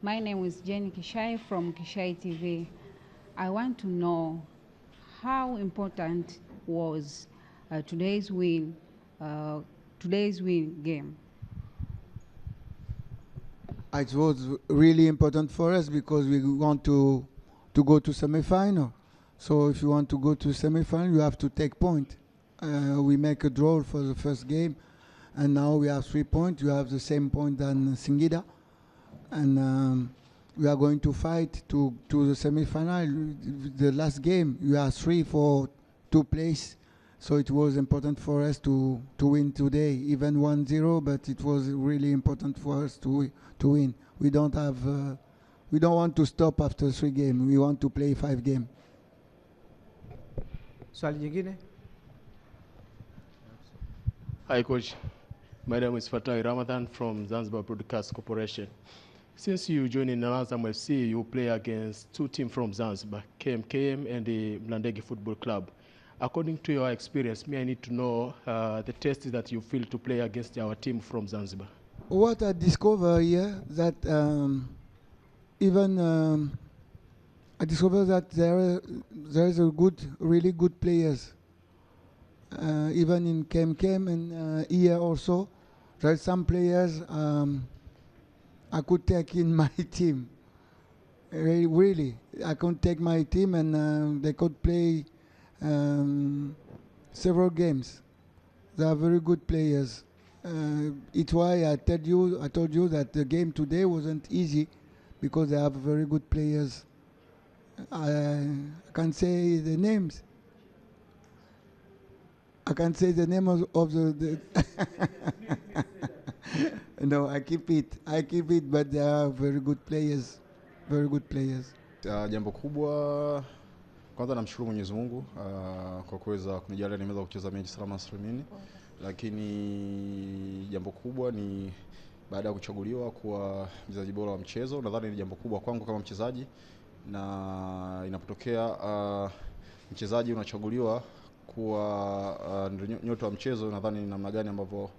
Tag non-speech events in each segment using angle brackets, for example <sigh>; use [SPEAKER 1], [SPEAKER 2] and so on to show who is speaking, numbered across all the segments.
[SPEAKER 1] My name is Jenny Kishai from Kishai TV. I want to know how important was uh, today's win, uh, today's win game.
[SPEAKER 2] It was really important for us because we want to to go to semifinal. So if you want to go to semifinal, you have to take point. Uh, we make a draw for the first game, and now we have three points. You have the same point than Singida and um, we are going to fight to to the semi-final. The last game, we are three for two place, so it was important for us to to win today, even 1-0. But it was really important for us to to win. We don't have. Uh, we don't want to stop after three games. We want to play five games.
[SPEAKER 3] Swali jingine.
[SPEAKER 4] Hi, coach. My name is Fatai Ramadan from Zanzibar Broadcast Corporation. Since you joined in last time see you play against two teams from Zanzibar, KMKM and the Mlandege Football Club. According to your experience, may I need to know uh, the test that you feel to play against our team from Zanzibar?
[SPEAKER 2] What I discovered here that um, even um, I discovered that there there is a good, really good players. Uh, even in KMKM and uh, here also, there are some players. Um, I could take in my <laughs> team. Really, I could take my team and uh, they could play um, several games. They are very good players. Uh, it's why I told you I told you that the game today wasn't easy because they have very good players. I, can't say the names. I can not say the name of, of the, the <laughs> <laughs> no, I keep it. I keep it, but they are very good players, very good players.
[SPEAKER 5] Uh, jambo kubwa kwanza namshukuru Mwenyezi Mungu uh, kwa kuweza kunijalia nimeweza kucheza mechi salama salimini, lakini jambo kubwa ni baada ya kuchaguliwa kuwa mchezaji bora wa mchezo, nadhani ni jambo kubwa kwangu kama mchezaji, na inapotokea uh, mchezaji unachaguliwa kuwa uh, nyota wa mchezo, nadhani ni namna gani ambavyo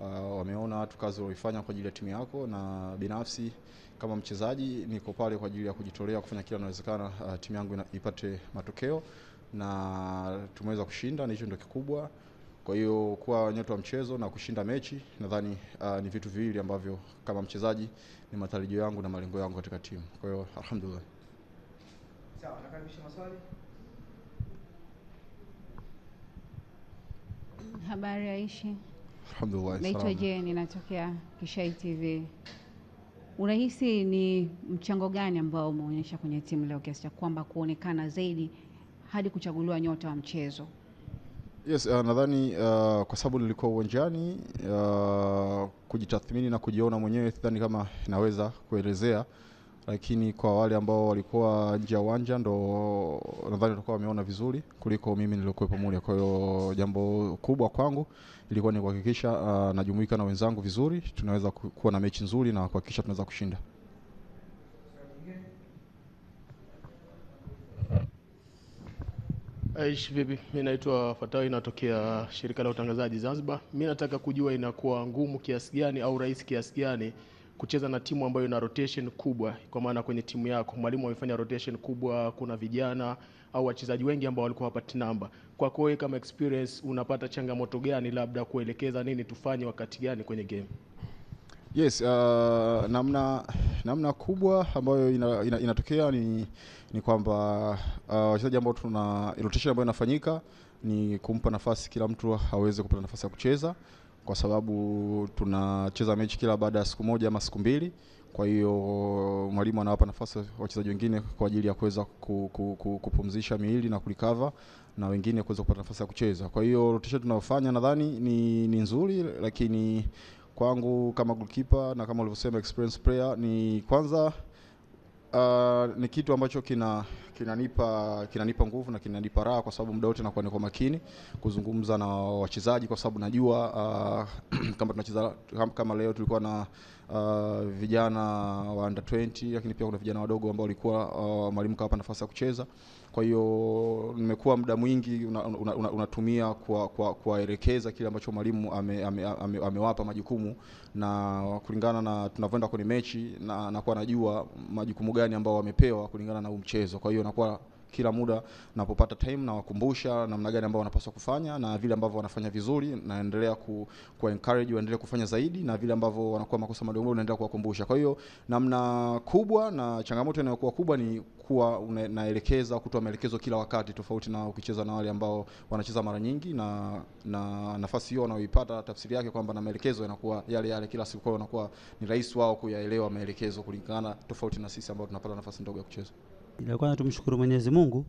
[SPEAKER 5] uh, wameona watu kazi walioifanya kwa ajili ya timu yako, na binafsi kama mchezaji niko pale kwa ajili ya kujitolea kufanya kila inawezekana uh, timu yangu ipate matokeo na tumeweza kushinda, na hicho ndio kikubwa. Kwa hiyo kuwa nyota wa mchezo na kushinda mechi nadhani uh, ni vitu viwili ambavyo kama mchezaji ni matarajio yangu na malengo yangu katika timu. Kwa hiyo alhamdulillah.
[SPEAKER 3] Sawa, nakaribisha maswali.
[SPEAKER 6] Habari Aisha. Alhamdulillah. Naitwa Jeni, natokea Kishai TV. Unahisi ni mchango gani ambao umeonyesha kwenye timu leo kiasi cha kwamba kuonekana zaidi hadi kuchaguliwa nyota wa mchezo?
[SPEAKER 5] Yes, uh, nadhani uh, kwa sababu nilikuwa uwanjani uh, kujitathmini na kujiona mwenyewe, sidhani kama naweza kuelezea lakini kwa wale ambao walikuwa nje ya uwanja ndo nadhani watakuwa wameona vizuri kuliko mimi niliokuwepo mule. Kwa hiyo jambo kubwa kwangu ilikuwa ni kuhakikisha uh, najumuika na wenzangu vizuri, tunaweza kuwa na mechi nzuri na kuhakikisha tunaweza kushinda.
[SPEAKER 7] Aish bibi, mimi naitwa Fatawi, natokea shirika la utangazaji Zanzibar. Mimi nataka kujua inakuwa ngumu kiasi gani au rahisi kiasi gani kucheza na timu ambayo ina rotation kubwa, kwa maana kwenye timu yako mwalimu amefanya rotation kubwa, kuna vijana au wachezaji wengi ambao walikuwa hawapati namba. Kwako wewe kama experience, unapata changamoto gani, labda kuelekeza nini tufanye wakati gani kwenye game?
[SPEAKER 5] Yes, uh, namna namna kubwa ambayo ina, ina, inatokea ni ni kwamba uh, wachezaji ambao tuna rotation ambayo inafanyika ni kumpa nafasi kila mtu aweze kupata nafasi ya kucheza kwa sababu tunacheza mechi kila baada ya siku moja ama siku mbili. Kwa hiyo mwalimu anawapa nafasi wachezaji wengine kwa ajili ya kuweza ku, ku, ku, kupumzisha miili na kulikava na wengine kuweza kupata nafasi ya kucheza. Kwa hiyo rotation tunayofanya nadhani ni, ni nzuri, lakini kwangu kama goalkeeper na kama ulivyosema experience player ni kwanza, uh, ni kitu ambacho kina kinanipa kinanipa nguvu na kinanipa raha, kwa sababu muda wote nakuwa niko makini kuzungumza na wachezaji, kwa sababu najua uh, <clears throat> kama tunacheza kama leo tulikuwa na uh, vijana wa under 20 lakini pia kuna vijana wadogo ambao walikuwa uh, mwalimu kawapa nafasi ya kucheza. Kwa hiyo nimekuwa muda mwingi unatumia una, una, una kwa kuwaelekeza kile ambacho mwalimu amewapa ame, ame, ame majukumu na kulingana na tunavyoenda kwenye mechi na nakuwa najua majukumu gani ambao wamepewa kulingana na huu mchezo. Kwa hiyo nakuwa kila muda napopata time nawakumbusha namna gani ambao wanapaswa kufanya na vile ambavyo wanafanya vizuri, naendelea ku, ku encourage waendelee kufanya zaidi, na vile ambavyo wanakuwa makosa madogo madogo naendelea kuwakumbusha. Kwa hiyo namna kubwa na changamoto inayokuwa kubwa ni kuwa naelekeza, kutoa maelekezo kila wakati, tofauti na ukicheza na wale ambao wanacheza mara nyingi, na na nafasi hiyo wanaoipata, tafsiri yake kwamba na maelekezo yanakuwa yale yale kila siku, kwa hiyo wanakuwa ni rahisi wao kuyaelewa maelekezo kulingana, tofauti na sisi ambao tunapata nafasi ndogo ya kucheza.
[SPEAKER 8] La kwanza tumshukuru Mwenyezi Mungu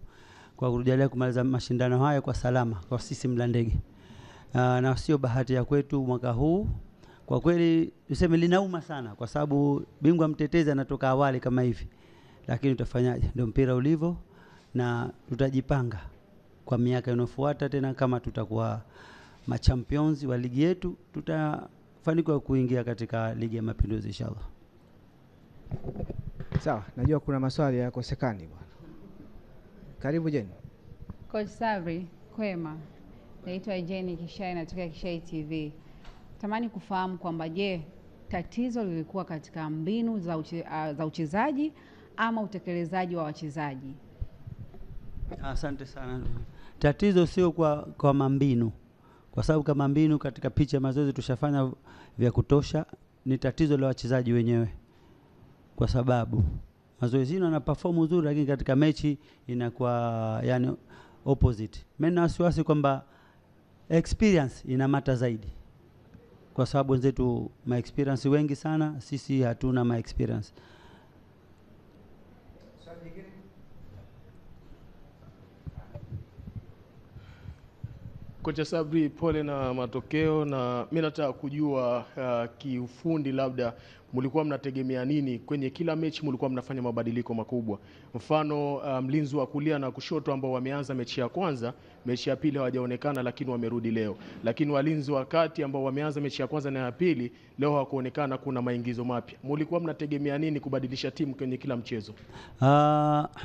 [SPEAKER 8] kwa kutujalia kumaliza mashindano haya kwa salama kwa sisi mla ndege, ah, na sio bahati ya kwetu mwaka huu. Kwa kweli tuseme linauma sana, kwa sababu bingwa mtetezi anatoka awali kama hivi, lakini tutafanyaje? Ndio mpira ulivo na tutajipanga kwa miaka inayofuata tena. Kama tutakuwa machampions wa ligi yetu, tutafanikiwa kuingia katika ligi ya mapinduzi inshallah.
[SPEAKER 3] Sawa, najua kuna maswali yakosekani bwana. Karibu Jeni.
[SPEAKER 9] Coach Sabri, kwema. Naitwa Jeni Kishai, natokea Kishai TV. Tamani kufahamu kwamba je, tatizo lilikuwa katika mbinu za, uchi, uh, za uchezaji ama utekelezaji wa wachezaji?
[SPEAKER 10] Asante sana. Tatizo sio kwa, kwa mambinu, kwa sababu kama mbinu katika picha ya mazoezi tushafanya vya kutosha. Ni tatizo la wachezaji wenyewe kwa sababu mazoezini ana perform uzuri, lakini katika mechi inakuwa yani opposite. Mimi na wasiwasi kwamba experience ina mata zaidi, kwa sababu wenzetu ma experience wengi sana, sisi hatuna ma experience.
[SPEAKER 7] Kocha Sabri, pole na matokeo, na mi nataka kujua uh, kiufundi, labda mlikuwa mnategemea nini kwenye kila mechi? Mlikuwa mnafanya mabadiliko makubwa, mfano uh, mlinzi um, wa kulia na kushoto ambao wameanza mechi ya kwanza, mechi ya pili hawajaonekana, lakini wamerudi leo. Lakini walinzi wa kati ambao wameanza mechi ya kwanza na ya pili leo hawakuonekana, kuna maingizo mapya. Mlikuwa mnategemea nini kubadilisha timu kwenye kila mchezo?
[SPEAKER 10] Uh,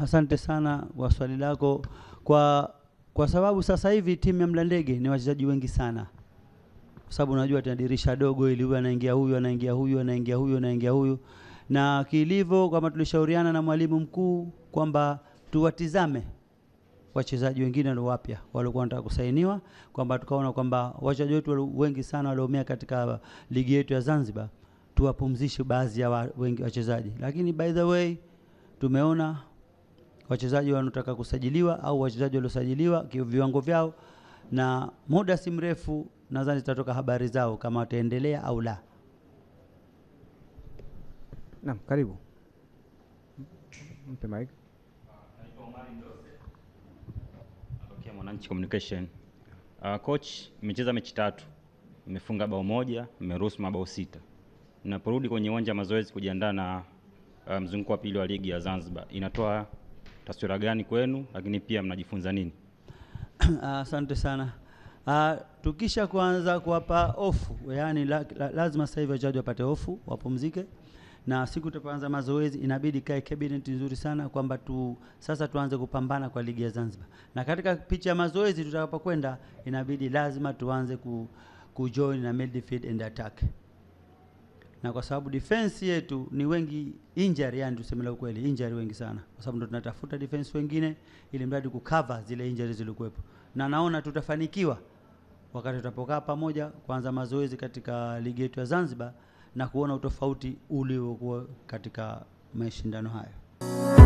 [SPEAKER 10] asante sana kwa swali lako kwa kwa sababu sasa hivi timu ya Mlandege ni wachezaji wengi sana, kwa sababu unajua tena dirisha dogo, ili huyu anaingia huyu anaingia huyu anaingia huyu anaingia huyu, na kilivyo kama tulishauriana na mwalimu mkuu kwamba tuwatizame wachezaji wengine walio wapya walikuwa wanataka kusainiwa, kwamba tukaona kwamba wachezaji wetu wengi sana walioumia katika ligi yetu ya Zanzibar tuwapumzishe baadhi ya wachezaji, lakini by the way tumeona wachezaji wanaotaka kusajiliwa au wachezaji waliosajiliwa viwango vyao, na muda si mrefu nadhani zitatoka habari zao kama wataendelea au la.
[SPEAKER 3] Naam, karibu mpe mic.
[SPEAKER 11] Mwananchi Communication. Uh, coach, mmecheza mechi tatu, mmefunga bao moja, mmeruhusu mabao sita. naporudi kwenye uwanja wa mazoezi kujiandaa na uh, mzunguko wa pili wa ligi ya Zanzibar, inatoa taswira gani kwenu, lakini pia mnajifunza nini?
[SPEAKER 10] <clears throat> Ah, asante sana. Uh, tukisha kuanza kuwapa ofu, yaani la, la, lazima sasa hivi wachezaji wapate ofu wapumzike, na siku tutapoanza mazoezi inabidi kae cabinet nzuri sana kwamba tu sasa tuanze kupambana kwa ligi ya Zanzibar, na katika picha ya mazoezi tutakapokwenda inabidi lazima tuanze ku, kujoin na midfield and attack na kwa sababu defense yetu ni wengi injury, yani la ukweli, injury wengi sana, kwa sababu ndo tunatafuta defense wengine, ili mradi kukava zile injury zilikuwepo, na naona tutafanikiwa wakati tutapokaa pamoja kuanza mazoezi katika ligi yetu ya Zanzibar na kuona utofauti uliokuwa katika mashindano hayo.